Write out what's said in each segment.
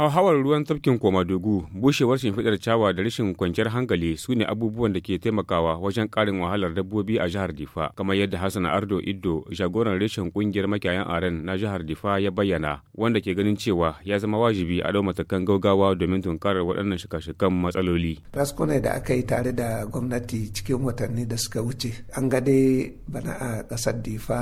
hauhawar ruwan tafkin komadugu bushewar shimfidar cawa da rashin kwanciyar hankali su ne abubuwan da ke taimakawa wajen karin wahalar dabbobi a jihar difa kamar yadda hassan ardo iddo jagoran rashin kungiyar makiyayan aren na jihar difa ya bayyana wanda ke ganin cewa ya zama wajibi a dau matakan gaugawa domin tunkarar waɗannan shika-shikan matsaloli. ne da aka yi tare da gwamnati cikin watanni da suka wuce an gade bana a ƙasar difa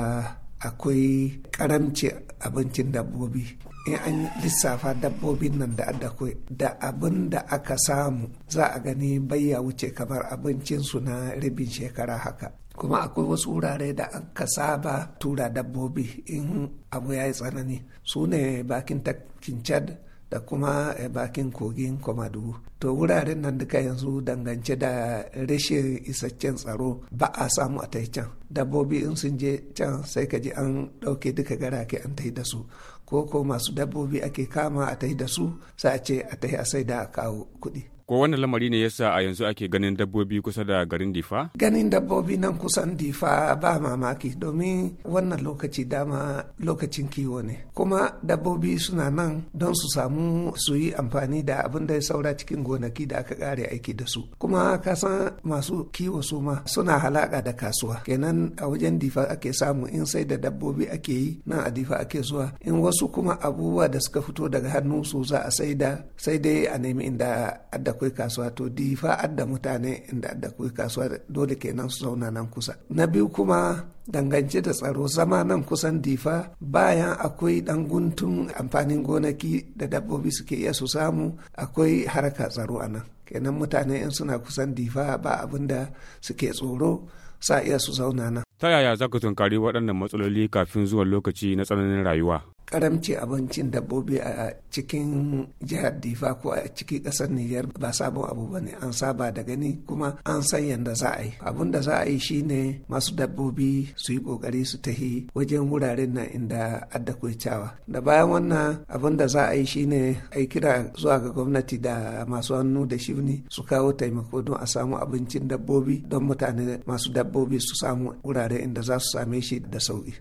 akwai karamci abincin dabbobi in an lissafa dabbobin nan da kai da abin da aka samu za a gani bai bayya wuce kamar abincin su na rabin shekara haka kuma akwai wasu wurare da an aka saba tura dabbobi in abu ya yi tsanani su ne bakin takin chad da kuma eh, bakin kogin komadugu to wuraren nan duka yanzu dangance da rashin isaccen tsaro ba a samu a ta can dabbobi in sun je can sai ka ji an ɗauke duka gara garake an tai da su ko ko masu dabbobi ake kama a tai da su sai a ce a tai a sai da a kawo kuɗi Ko wani lamari ne yasa a yanzu ake ganin dabbobi kusa da garin Difa? Ganin dabbobi nan kusan Difa ba mamaki domin wannan lokaci dama lokacin kiwo ne. Kuma dabbobi suna nan don su samu su yi amfani da abin da ya saura cikin gonaki da aka kare aiki da su. Kuma kasan masu kiwo su ma suna halaka da kasuwa. Kenan a wajen Difa ake samu in sai da dabbobi ake yi nan a Difa ake zuwa. In wasu kuma abubuwa da suka fito daga hannu su za a saida sai dai a nemi inda adda akwai kasuwa to difa adda mutane inda adda akwai kasuwa dole kenan su zauna nan kusa na biyu kuma dangance da tsaro zama nan kusan difa bayan akwai dan guntun amfanin gonaki da dabbobi suke iya su samu akwai haraka tsaro a nan kenan mutane in suna kusan difa ba abin da suke tsoro sa iya su zauna nan Ta yaya za ka tunkari waɗannan matsaloli kafin zuwan lokaci na tsananin rayuwa? Karamci abincin dabbobi a cikin jihar Difa ko a cikin ƙasar Nijar ba sabon abu ba ne an saba da gani kuma an san yadda za a yi. Abin da za a yi shine masu dabbobi su yi ƙoƙari su tahi wajen wuraren nan inda adda cawa. Da bayan wannan abin da za a yi shine a kira zuwa ga gwamnati da masu hannu da shibni su kawo taimako don a samu abincin dabbobi don mutane masu dabbobi su samu wuraren. da inda za su same shi da sauƙi